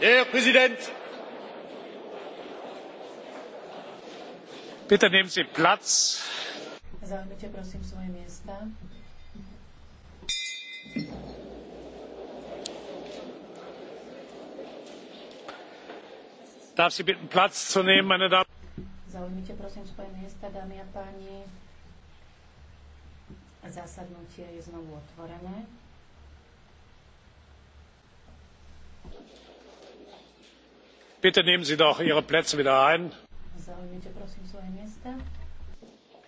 herr präsident! bitte nehmen sie platz. zaujmite prosím darf sie bitten platz zu nehmen meine damen zaujmite prosím svoje miesta dámy a páni. zasadnutie je znovu otvorené. bitte nehmen sie doch ihre plätze wieder ein.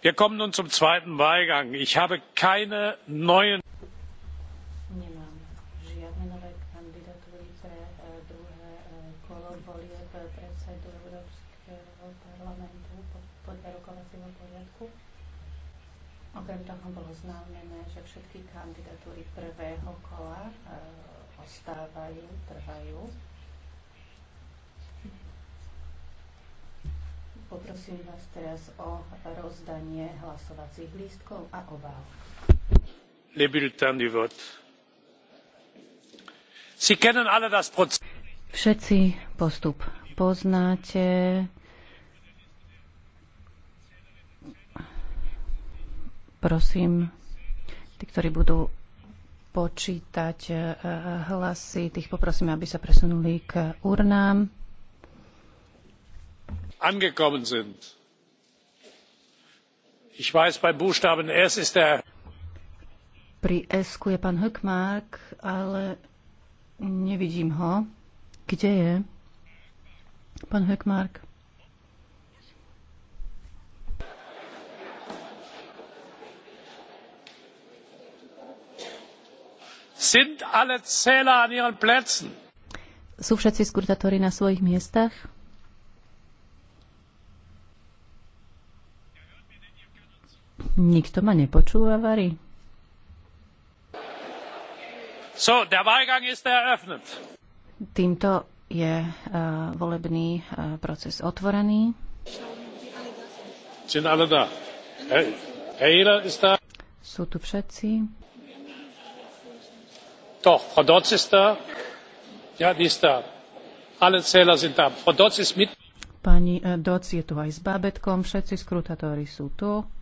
wir kommen nun zum zweiten wahlgang. ich habe keine neuen e, e, Okrem toho bolo známené, že všetky kandidatúry prvého kola e, ostávajú, trvajú. Poprosím vás teraz o rozdanie hlasovacích lístkov a obáv. Le bulletin du vote. Sie kennen alle das Všetci postup poznáte. Prosím, tí, ktorí budú počítať eh, eh, hlasy, tých poprosím, aby sa presunuli k urnám angekommen sind. ich weiß bei buchstaben s ist der pri s je pán Hökmark, ale nevidím ho. Kde je? Pán Hökmark. Sind alle Zähler an ihren Plätzen? Sú všetci skrutatóri na svojich miestach? Nikto ma nepočúva, Vary. So, der Wahlgang ist eröffnet. Týmto je uh, volebný uh, proces otvorený. Sind alle da? Herr, Herr ist da? Sú tu všetci. Doch, Frau Dotz ist da. Ja, die ist da. Alle Zähler sind da. Frau Dotz ist mit. Pani eh, Doc je tu aj s bábetkom, všetci skrutatóri sú tu.